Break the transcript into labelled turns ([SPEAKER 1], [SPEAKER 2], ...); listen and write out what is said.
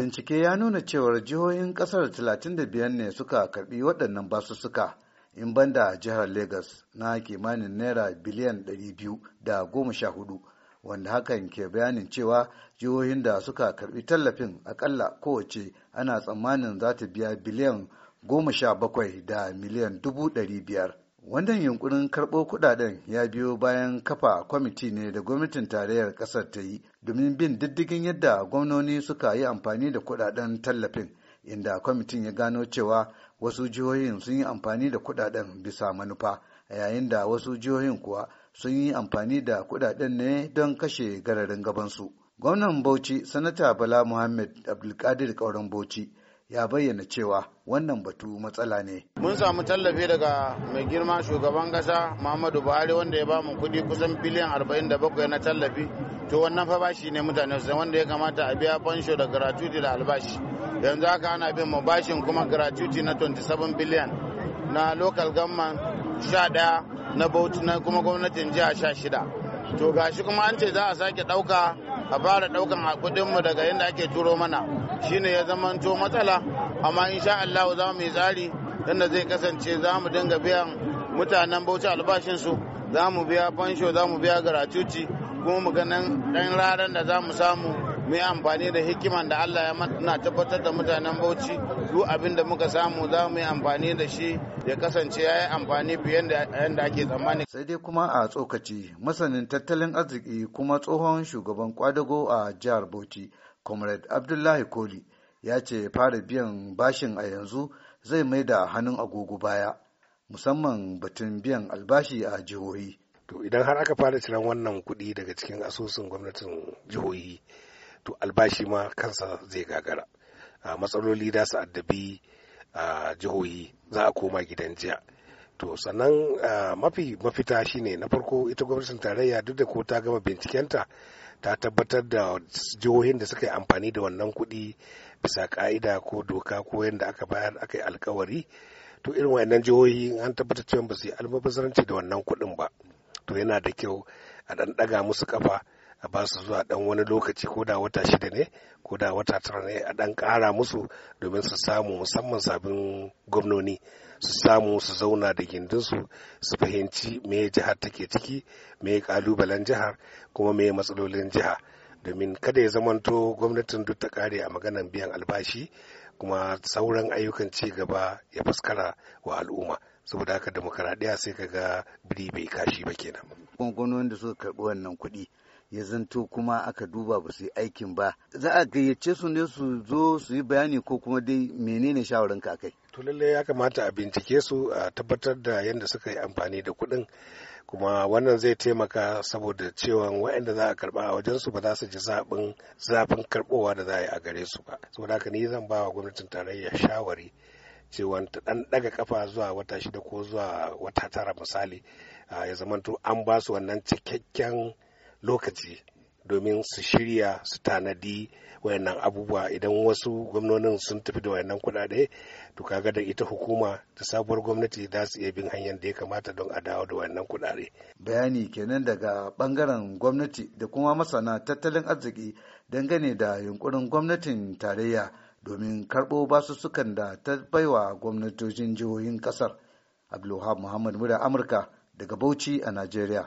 [SPEAKER 1] Bincike ya nuna cewar jihohin kasar 35 ne suka karbi waɗannan basussuka in banda jihar Legas na kimanin naira biliyan 214 wanda hakan ke bayanin cewa jihohin da suka karbi tallafin akalla kowace ana tsammanin za ta biya biliyan 17 da miliyan 500. Wannan yunkurin karɓo kuɗaɗen ya biyo bayan kafa kwamiti ne da gwamnatin tarayyar ƙasar ta yi domin bin diddigin yadda gwamnoni suka yi amfani da kuɗaɗen tallafin, inda kwamitin ya gano cewa wasu jihohin sun yi amfani da kuɗaɗen bisa manufa, yayin da wasu jihohin kuwa sun yi amfani da kuɗaɗen ne don kashe gararin gabansu. Gwamnan Bauchi, Sanata Bala Muhammad Abdulkadir Kauran Bauchi, ya bayyana cewa wannan batu matsala ne.
[SPEAKER 2] Mun samu tallafi daga mai girma shugaban kasa Muhammadu Buhari wanda ya bamu kuɗi kusan biliyan 47 na tallafi. To wannan fa bashi ne mutane su wanda ya kamata a biya fansho da gratuity da albashi. Yanzu haka ana bin mu bashin kuma gratuity na 27 biliyan na local government 11 na bauti na kuma gwamnatin jiha 16. To gashi kuma an ce za a sake ɗauka a fara ɗaukan mu daga yadda ake turo mana shi ne ya zamanto matsala amma insha Allah za mu yi tsari yadda zai kasance za mu dinga biyan mutanen bauchi albashinsu za mu biya fansho za mu biya garatuci kuma mu ganin ɗan raran da za mu samu mu yi amfani da hikiman da Allah ya na tabbatar da mutanen Bauchi duk abin da muka samu za mu yi amfani da shi ya kasance ya yi amfani fiye da yadda ake tsammani.
[SPEAKER 1] Sai dai kuma a tsokaci masanin tattalin arziki kuma tsohon shugaban kwadago a jihar Bauchi, Comrade Abdullahi Koli ya ce fara biyan bashin a yanzu zai mai da hannun agogo baya musamman batun biyan albashi a jihohi. To idan har aka fara ciran
[SPEAKER 3] wannan kuɗi daga cikin asusun gwamnatin jihohi to albashi ma kansa zai gagara a matsaloli da su addabi a jihohi za a koma gidan jiya to sannan mafi mafita shine na farko ita gwamnatin tarayya duk da ko ta gama bincikenta ta tabbatar da jihohin da suka yi amfani da wannan kuɗi bisa ka'ida ko doka ko yadda aka bayar aka yi alkawari to irin wayannan jihohi an tabbatar cewa ba su yi almubazzaranci da wannan kuɗin ba to yana da kyau a ɗan ɗaga musu kafa a ba su zuwa dan wani lokaci ko da wata shida ne ko da wata tara ne a dan kara musu domin su samu musamman sabbin gwamnoni su samu su zauna da gindinsu su fahimci me jihar take ciki me kalubalen jihar kuma me matsalolin jiha domin kada ya zamanto gwamnatin duk ta kare a maganan biyan albashi kuma sauran ayyukan ci gaba ya fuskara wa al'umma saboda haka demokaradiyya sai ka ga biri bai kashi ba kenan.
[SPEAKER 1] Gwamnonin da suka karbi wannan kuɗi ya zanto kuma aka duba ba su yi aikin ba za a gayyace su ne su zo su yi bayani ko kuma dai menene ka kai
[SPEAKER 3] to lalle ya kamata a bincike su a tabbatar da yadda suka yi amfani da kuɗin kuma wannan zai taimaka saboda cewa waɗanda za a karɓa a wajen su ba za su ji zaɓin zafin karɓowa da za a yi a gare su ba saboda haka ni zan ba wa gwamnatin tarayya shawari cewa ta ɗan ɗaga kafa zuwa wata shida ko zuwa wata tara misali ya zamanto an ba su wannan cikakken lokaci domin su shirya su tanadi wayannan abubuwa idan wasu gwamnonin sun tafi da wayannan kudade, to kaga da ita hukuma da sabuwar gwamnati za su iya bin hanyar da ya kamata don a dawo da wayannan kudade.
[SPEAKER 1] bayani kenan daga bangaren gwamnati da kuma masana tattalin arziki dangane da yunkurin gwamnatin tarayya domin karɓo basussukan da ta baiwa gwamnatocin jihohin ƙasar abdulwahab muhammad muda amurka daga bauchi a najeriya